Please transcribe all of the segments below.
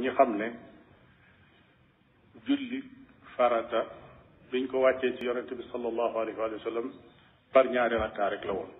ñi xam ne julli farata biñ ko wàccee ci yonente bi sallallahu alayhi wa sallam par ñaari rakka rek la woon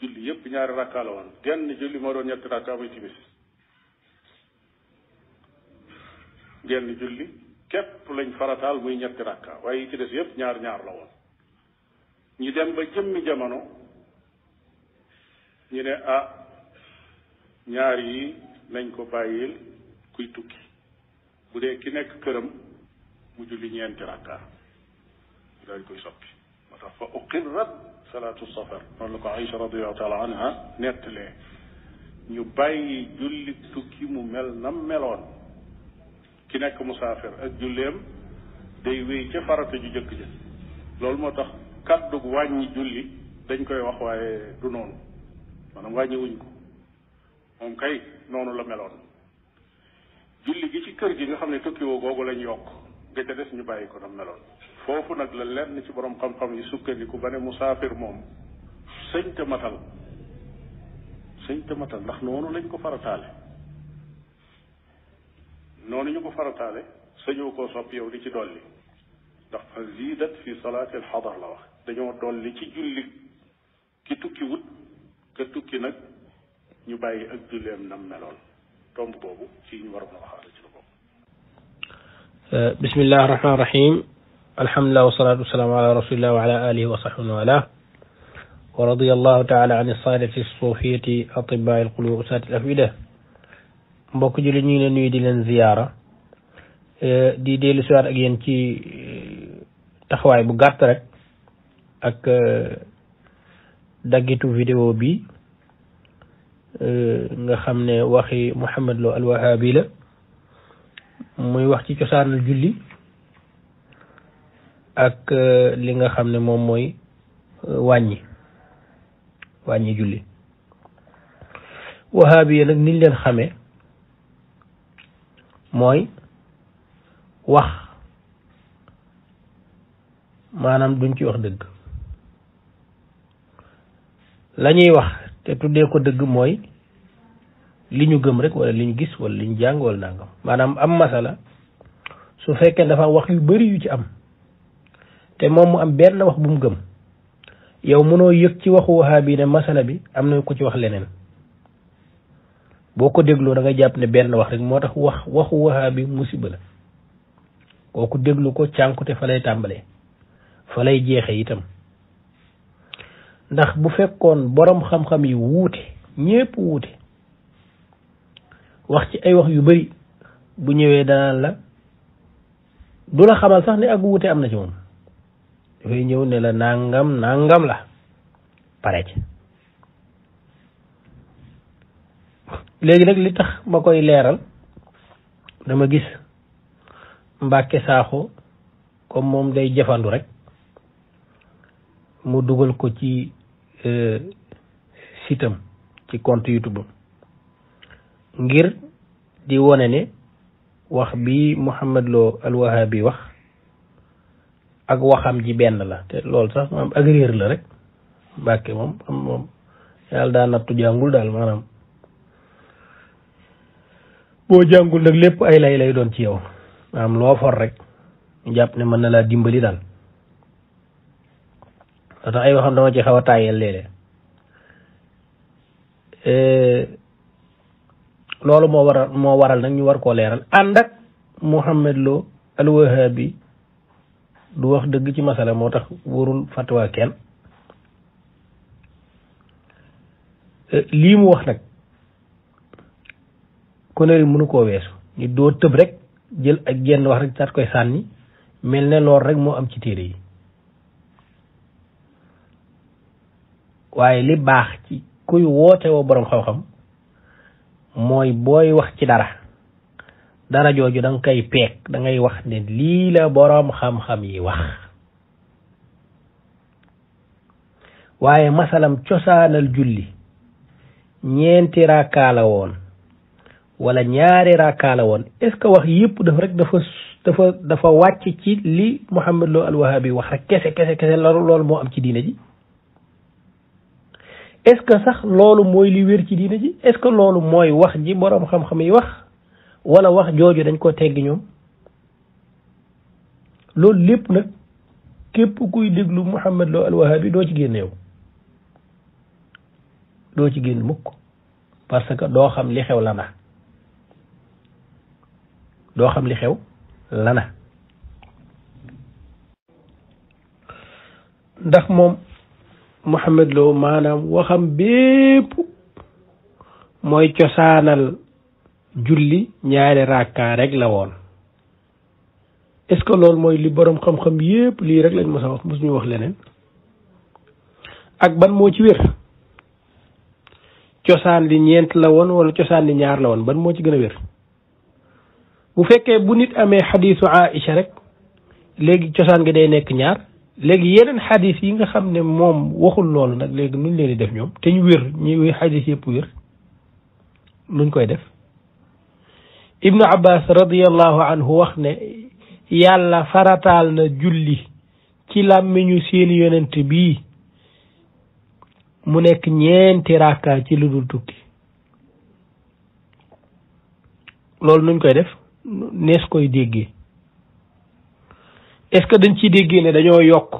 julli yépp ñaari rakka la woon genn julli moo doon ñetti rakka muy timis genn julli képp lañ farataal muy ñetti rakka waaye yi ci des yépp ñaar ñaar la woon ñu dem ba jëmmi jamono ñu ne ah ñaar yi nañ ko bàyyil kuy tukki bu dee ki nekk këram mu julli ñeenti rakka mu daal koy soppi moo tax fa uqirrat salaatu safar noonu la ko Aïcha radiallahu taala anha nettalee ñu bàyyi julli tukki mu mel na meloon ki nekk musaafir ak julleem day wéy ca farata ju jëkk ja loolu moo tax kàddug wàññi julli dañ koy wax waaye du noonu maanaam wàññiwuñ ko moom kay noonu la meloon julli gi ci kër gi nga xam ne tukki woo googu lañ yokk ga ca des ñu bàyyi ko na meloon foofu nag la lenn ci borom xam-xam yi sukkandiku ba ne musaafir moom sëñ te matal sëñ te matal ndax noonu lañ ko farataale noonu ñu ko farataale sañoo koo sopp yow di ci dolli ndax fa zidat fi salaati alxadar la wax dañoo dolli ci julli ki tukki wut ka tukki nag ñu bàyyi ak julleem nam meloon tomb boobu ci ñu war a mën a waxaale ci la bokk. Euh, bisimilah rahmaani rahiim alhamdulilah wasalaatu wasalaamu ala rasulillah wa ala alihi wa sahbihi wa ala wa radiyallahu taala an saadati sufiyati atibai alqulub usaati alafida mbokk ji li ñu ngi leen nuyu di leen ziyaara euh, di dellu siwaat ak yéen ci euh, taxawaay bu gàtt rek ak daggitu vidéo bi Euh, nga xam ne waxi Mouhamed Lo alwahabi la muy wax ci cosaanal julli ak euh, li nga xam ne moom mooy euh, wàññi wàññi julli wahabi nag niñ leen xame mooy wax maanaam duñ ci wax dëgg la ñuy wax te tuddee ko dëgg mooy li ñu gëm rek wala li ñu gis wala li ñu jàng wala nangam maanaam am masala su fekkee dafa wax yu bari yu ci am te moom mu am benn wax bu mu gëm yow mënoo yëg ci waxu wahaabi ne masala bi am na ku ci wax leneen boo ko dégloo da nga jàpp ne benn wax rek moo tax wax waxu wahaabi musiba la kooku déglu ko cànkute fa lay tàmbalee fa lay jeexee itam ndax bu fekkoon boroom xam-xam yi wuute ñépp wuute wax ci ay wax yu bari bu ñëwee danaan la du la xamal sax ne ak wuute am na ci moom dafay ñëw ne la nangam nangam la pare ci léegi nag li tax ma koy leeral dama gis Mbàkke Saaxo comme moom day jëfandu rek mu dugal ko ci euh, sitam ci compte YouTube ngir di wone ne wax bi Mouhamed Lo Al wax ak waxam ji benn la te lool sax maanaam ak réer la rek Mbàkke moom moom yàlla daa nattu jàngul daal maanaam boo jàngul nag lépp ay lay lay doon ci yow maanaam loo for rek ñu jàpp ne mën na laa dimbali daal tax ay waxam dama ci xaw a loolu moo waral moo waral nag ñu war koo leeral ànd ak Mouhamed Lo al Wahabi du wax dëgg ci masala moo tax warul fatwa kenn eh, lii mu wax nag konéri mënu koo weesu ni doo tëb rek jël ak genn wax rek daat koy sànni mel ne lool rek moo am ci téere yi waaye li baax ci kuy woote woo boroom xam-xam mooy booy wax ci dara dara jooju danga nga koy peeg da ngay wax ne lii la boroom xam-xam yi wax waaye masalam cosaanal julli ñeenti rakkaa la woon wala ñaari rakkaa woon est-ce que wax yépp dafa rek dafa dafa dafa wàcc ci li Muhammad Lo Al Wahabi wax rek kese kese kese loolu moo am ci diine ji est-ce que sax loolu mooy li wér ci diina ji est-ce loolu mooy wax ji boroom xam-xam yi wax walla wax jooju dañ ko teggi ñoom loolu lépp nag képp kuy déglu Muhammad Lo al doo ci génn yow doo ci génn mukk parce que doo xam li xew lana doo xam li xew lana ndax moom Mouhamed Lo maanaam waxam bépp mooy cosaanal julli ñaari rakka rek la woon est-ce que loolu mooy li boroom xam-xam yépp lii rek lañ mës a wax mosuñu wax leneen ak ban moo ci wér cosaan li ñeent la woon wala cosaan li ñaar la woon ban moo ci gën a wér bu fekkee bu nit amee xadiisu Aïcha rek léegi cosaan gi day nekk ñaar léegi yeneen xadis yi nga xam ne moom waxul loolu nag léegi nuñ leen di def ñoom te ñu wér ñuy xadis yëpp wér nuñ koy def ibnu abbas radiallahu anhu wax ne yàlla farataal na julli ci làmmiñu seen yonent bi mu nekk ñeenti rakka ci lu dul tukki loolu nuñ koy def nees koy déggee est-ce que dañ ciy déggee ne dañoo yokk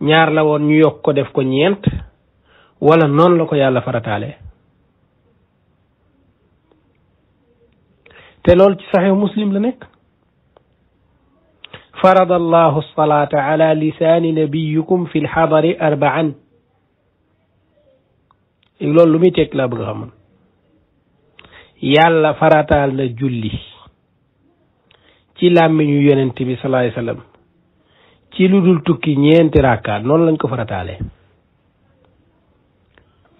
ñaar la woon ñu yokk ko def ko ñeent walla noon la ko yàlla farataale te lool ci saxiix muslim la nekk farada allahu salaata ala lisaani nabiyikum fi lxadari arbaan loolu lu muy teg laa bëgg a xamoon yàlla farataal na julli ci làmmiñu yonent bi salaay salaam ci lu dul tukki ñeenti rakkaat noonu lañ ko farataale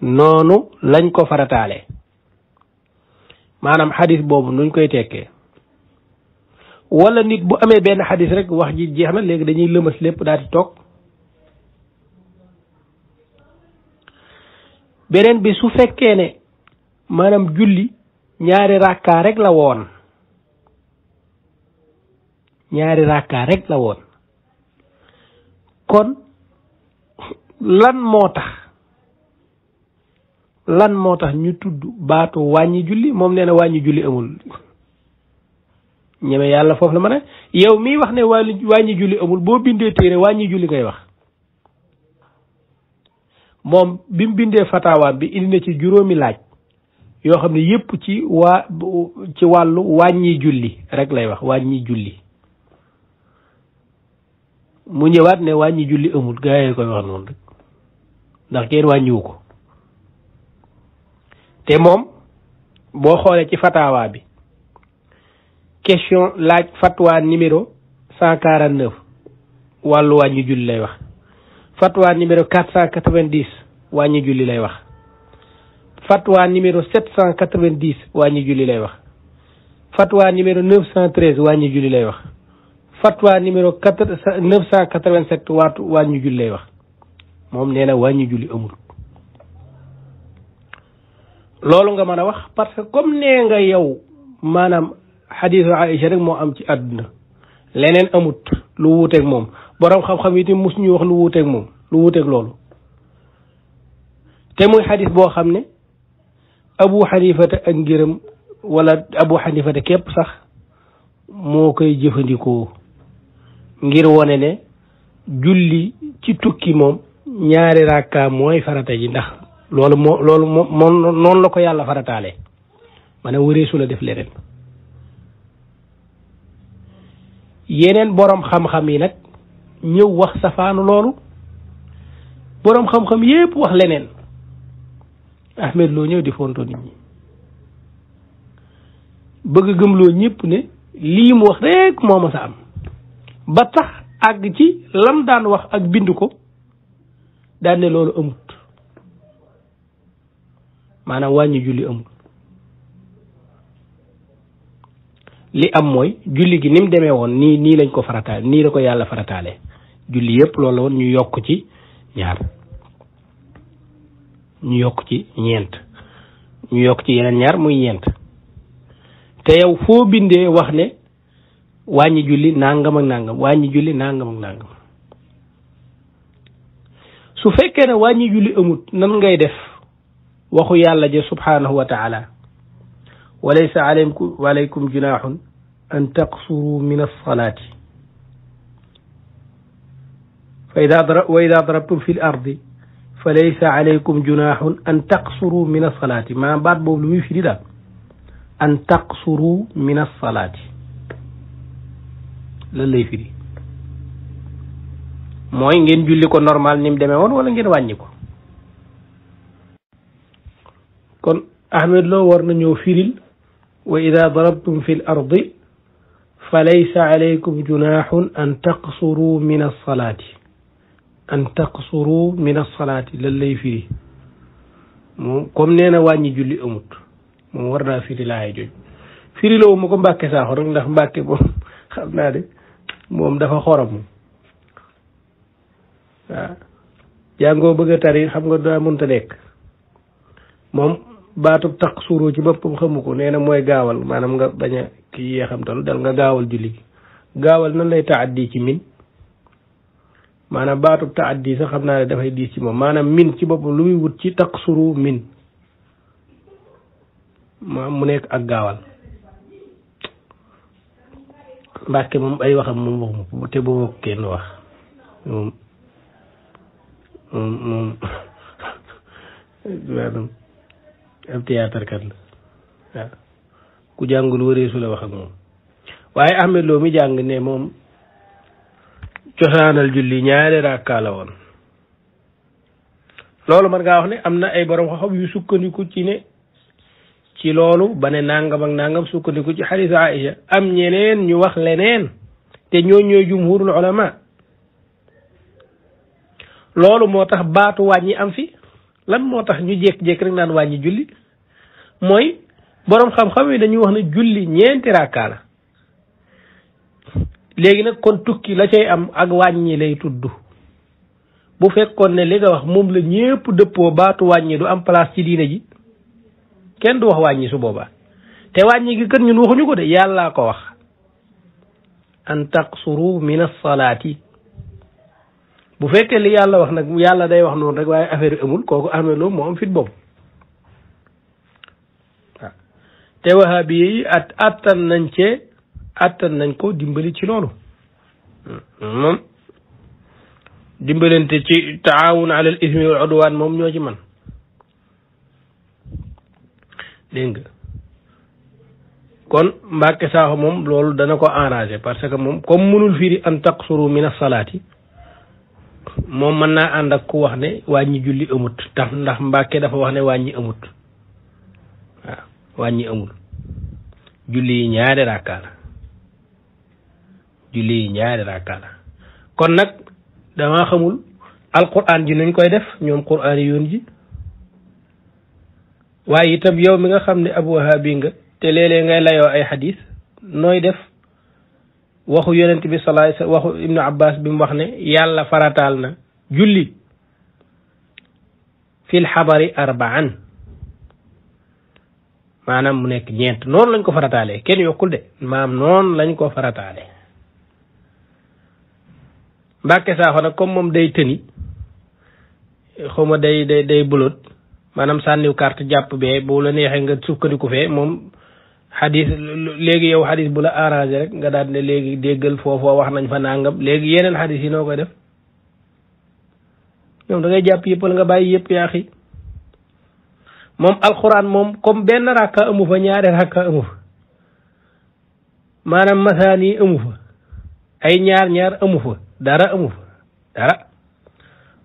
noonu lañ ko farataale maanaam xadis boobu nuñ koy tekkee wala nit bu amee benn xadis rek wax ji jeex na léegi dañuy lëmës lépp daal di toog beneen bi su fekkee ne maanaam julli ñaari rakkaa rek la woon ñaari rakka rek la woon kon lan moo tax lan moo tax ñu tudd baatu wàññi julli moom nee na wàññi julli amul ñeme yàlla foofu la ma ne yow miy wax ne wàññi julli amul boo bindee téere wàññi julli ngay wax moom bi mu bindee fataawaam bi indi na ci juróomi laaj yoo xam ne yépp ci waa ci wàllu wàññi julli rek lay wax wàññi julli mu ñëwaat ne wàññi julli amul gaa yi koy wax noonu rek ndax kenn wàññiwu ko te moom boo xoolee ci fatawa bi question laaj fatwa numéro cent quarante neuf wàllu wàññi julli lay wax fatwa numéro quatre cent quatre vingt dix wàññi julli lay wax fatwa numéro sept cent wàññi julli lay wax fatwa numéro neuf cent treize wàññi julli lay wax fatwa numéro quatre neuf cent quatre vingt sept waatu wàññi julli lay wax moom nee na wàññi julli amul loolu nga mën a wax parce que comme nee nga yow maanaam xadiisu Aïcha rek moo am ci àdduna leneen amut lu wuuteeg moom boroom xam-xam yi itam mus ñuy wax lu wuuteeg moom lu wuuteeg loolu te muy xadis boo xam ne abu xanifata ak ngërëm wala abu xanifata képp sax moo koy jëfandikoo ngir wone ne julli ci tukki moom ñaari rakka mooy farata ji ndax loolu moo loolu moo noonu la ko yàlla farataale maanaam wëreesu la def leneen yeneen boroom xam-xam yi nag ñëw wax safaanu loolu boroom xam-xam yépp wax leneen Ahmed Lo ñëw di fonto nit ñi bëgg gëmloo ñépp ne lii mu wax rek moo ma sa am ba tax àgg ci lam daan wax ak bind ko daan ne loolu amut maanaam wàññi julli amut li am mooy julli gi ni mu demee woon nii nii lañ ko farataale nii la ko yàlla farataale julli yëpp la woon ñu yokk ci ñaar ñu yokk ci ñeent ñu yokk ci yeneen ñaar muy ñeent te yow foo bindee wax ne wañi julli nangam ak nangam wañi julli nangam ak nangam su fekke ne wañi julli amut nan ngay def waxu yàlla je subhanahu wa taala wa laysa alaykum wa alaykum junahun an taqsuru min as-salati fa idha dara wa ida darabtum fi ardi fa laysa alaykum junaaxun an taqsuru min alsalaati maanaam baat boobu lu muy firi daal an taqsuru min alsalaati lan lay firi mooy ngeen julli ko normal ni mu demee woon wala ngeen wàññi ko kon ahmed loo war na ñëw firil wa ida darabtum fi l ardi fa laysa alaykum junaaxun an taqsuru min alsalaati an taqsuru min alsalaati lan lay firi moom comme nee na wàññi julli amut moom war naa firi laay joj firi loo ma ko mbàkke saaxo rek ndax mbàkke boobu xam naa de moom dafa xorom waaw jàngoo bëgg a tari xam nga daa mënta nekk moom baatub taq suuru ci boppam xamu ko nee na mooy gaawal maanaam nga bañ a kii yeexamtal dal nga gaawal julli gi gaawal na lay taaddi ci min maanaam baatub taaddi sax xam naa ne dafay diis ci moom maanaam min ci boppam lu muy wut ci taq suru min maam mu nekk ak gaawal Mbàkke moom ay waxam moom waxuma te boobu kenn wax moom moom moom maanaam am théâtre la ku jàngul wëreesu la wax moom waaye Ahmed Lo mi jàng ne moom cosaanal julli ñaari rakka la woon loolu mën ngaa wax ne am na ay borom xam yu sukkandiku ci ne ci loolu ba ne nangam ak nangam sukkandiku ci xadiis Aïcha am ñeneen ñu wax leneen te ñoo ñooy jumhurul ulama loolu moo tax baatu wàññi am fi lan moo tax ñu jékki-jékki rek naan wàññi julli mooy boroom xam-xam yi dañuy wax ne julli ñeenti rakkaa léegi nag kon tukki la cay am ak wàññi lay tudd bu fekkoon ne li nga wax moom la ñépp dëppoo baatu wàññi du am place ci diine ji kenn du wax wàññi su boobaa te wàññi gi kët ñun waxuñu ko de yàllaa ko wax an taqsuru min as-salaati bu fekkee li yàlla wax nag yàlla day wax noonu rek waaye affaire amul kooku amee loolu moo am te wahabi yi at nañ cee attan nañ ko dimbali ci loolu moom dimbalante ci taawun ala ismi wal udwaan moom ñoo ci man dégg nga kon Mbàkke Saaxo moom loolu dana ko arrangé parce que moom comme mënul firi an taqsuru min as-salaati moom mën naa ànd ak ku wax ne wàññi julli amut tax ndax Mbàkke dafa wax ne wàññi amut wàññi amul julli yi ñaari rakkaa la julli yi ñaari rakkaa la kon nag damaa xamul alquran ji nuñ koy def ñoom quraan yoon ji waaye itam yow mi nga xam ne ab wahabi nga te léeg-léeg ngay layoo ay xadis nooy def waxu yonent bi salaay waxu ibnu abbas bi mu wax ne yàlla farataal na julli fil xabari arbaan maanaam mu nekk ñeent noonu lañ ko farataalee kenn yokkul de maam noonu lañ ko farataalee mbàkke saaxo nag comme moom day tëni xawma day day day maanaam sànniw carte jàpp bee boo la neexee nga sukkandiku fee moom xadis léegi yow xadis bu la arrangé rek nga daal ne léegi déggal foofoo wax nañ fa nangam léegi yeneen xadis yi noo koy def ñoom da ngay jàpp yëppal nga bàyyi yëpp yaa xi moom alxuraan moom comme benn rakka amu fa ñaare rakka amu fa maanaam masaan yi amu fa ay ñaar ñaar amu fa dara amu fa dara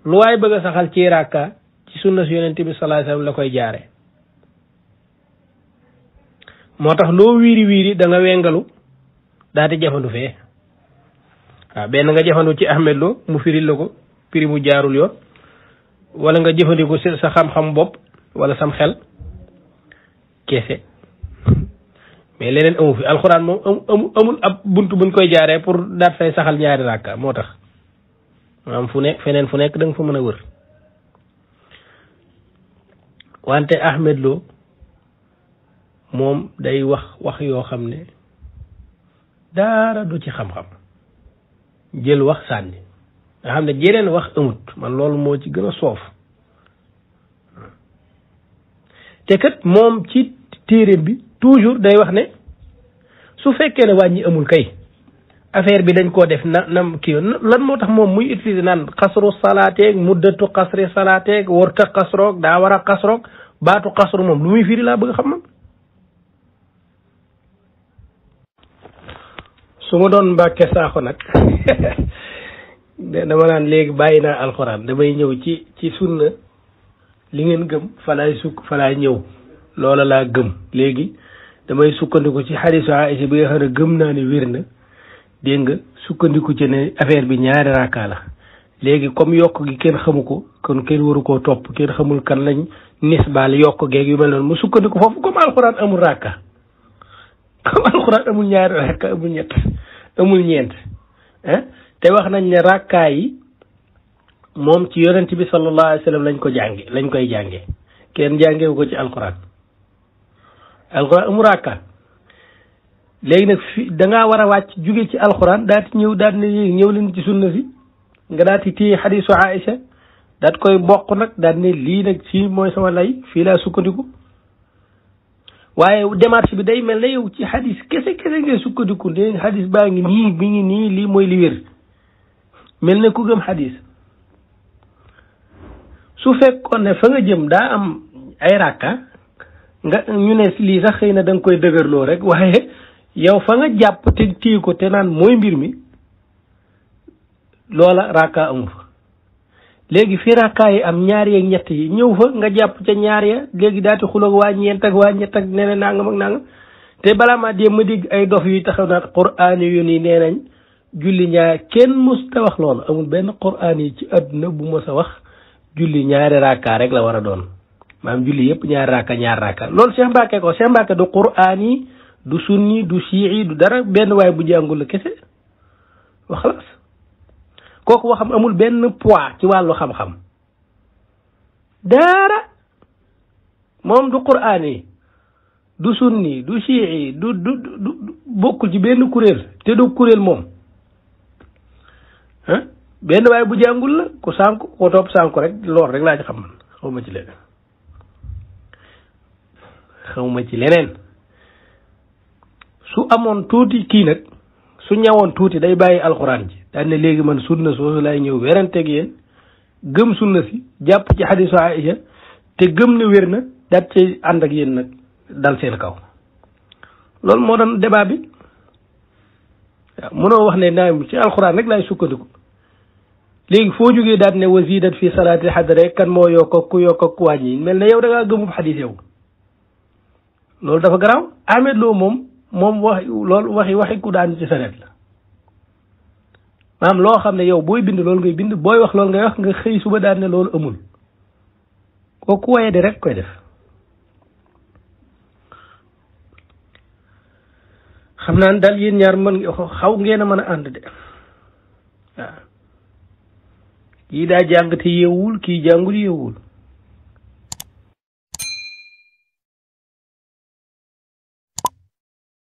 lu waay bëgg a ci rakka ci sunna su yonent bi sallallahu alayhi wasallam la koy jaare moo tax loo wiiri wiiri da nga wengalu daa di jafandu fee waaw benn nga jafandu ci Ahmed Lo mu firil la ko prix mu jaarul yoo wala nga jëfandiku sa xam-xam bopp wala sam xel keese mais leneen amu fi alxuraan moom amul ab bunt buñ koy jaaree pour daat fay saxal ñaari ràkka moo tax maanaam fu ne feneen fu nekk danga nga fa mën a wër wante Ahmed loo moom day wax wax yoo xam ne daara du ci xam-xam jël wax sànni nga xam ne jeneen wax amut man loolu moo ci gën a soof te kat moom ci téeréem bi toujours day wax ne su fekkee ne wàññi amul kay affaire bi dañ koo def na nam kii lan moo tax moom muy utiliser naan xasru salaateeg muddatu xasri salaateeg warta xasroog daa war a baatu xasru moom lu muy firi laa bëgg xam man su ma doon mbàkke saaxo nag dama naan léegi bàyyi naa alxuraan damay ñëw ci ci sunna li ngeen gëm falaay sukk falaay ñëw loola laa gëm léegi damay sukkandiku ci xadiisu Aïcha bi nga xam gëm naa ne wér na dégg nga sukkandiku ci ne affaire bi ñaari raaka la léegi comme yokk gi kenn xamu ko kon kenn waru koo topp kenn xamul kan lañ nisbaal yokk geeg yu mel noonu mu sukkandiku foofu comme alxuraan amul ràkka comme amul ñaari te wax nañ ne ràkkaa yi moom ci yonent bi sallallahu lañ ko jànge lañ koy jànge kenn jàngewu ko ci alxuraan alxuraan léegi nag fi dangaa war a wàcc jóge ci alxuraan daal di ñëw daal ñëw leen ci sunna si nga daal di téye xadiisu Aïcha daat koy mboq nag daal ne lii nag si mooy sama lay fii laa sukkandiku waaye démarche bi day mel ne yow ci xadis kese kese ngay sukkandiku ne xadis baa ngi nii bi ngi nii lii mooy li mel ne ku gëm xadis su fekkoon ne fa nga jëm daa am ay rakka nga ñu ne lii sax xëy na danga koy dëgërloo rek waaye yow fa nga jàpp te téye ko te naan mooy mbir mi loola raka amu fa léegi fi raka yi am ñaar yeeg ñett yi ñëw fa nga jàpp ca ñaar ya léegi daati xuloog waa ñeent ak waa ñett ak nee nangam ak nangam te bala ma dee ma dégg ay dof yu taxaw naat quran yu ni nee nañ julli ñaar kenn mus ta wax loolu amul benn quran yi ci àdduna bu ma sa wax julli ñaari raka rek la war a doon maam julli yépp ñaar raka ñaar raka loolu cheikh mbake ko cheikh mbake du quran yi du sunni du shii du dara benn waay bu jàngul la wa xalaas kooku waxam amul benn poids ci wàllu xam-xam dara moom du quraan yi du sunni du shii du du du bokkul ci benn kuréel te du kuréel moom ah benn waaye bu jàngul la ku sànku ku topp sànku rek lool rek laa ci xam man xaw ma ci leneen xaw ma ci leneen su amoon tuuti kii nag su ñawoon tuuti day bàyyi alxuraan ji daan ne léegi man sunna soosu laay ñëw weranteeg yéen gëm sunna si jàpp ci xadisu Aïcha te gëm ne wér na daat ci ànd ak yéen nag dal seen kaw loolu moo doon débat bi waaw mënoo wax ne naa ci alxuraan rek laay sukkandiku léegi foo jógee daat ne wasidat fi salaati xadare kan moo yokk ku yokk ku wàññi mel na yow da ngaa gëmub xadis yow loolu dafa garaaw Ahmed Lo moom moom wax loolu waxi waxi ku daan ci sareet la maanaam loo xam ne yow booy bind loolu ngay bind booy wax loolu ngay wax nga xëy suba daal loolu amul kooku woye di rek koy def xam naa daal yéen ñaar mën xaw ngeen a mën a ànd de kii daa jàng te yeewul kii jàngul yeewul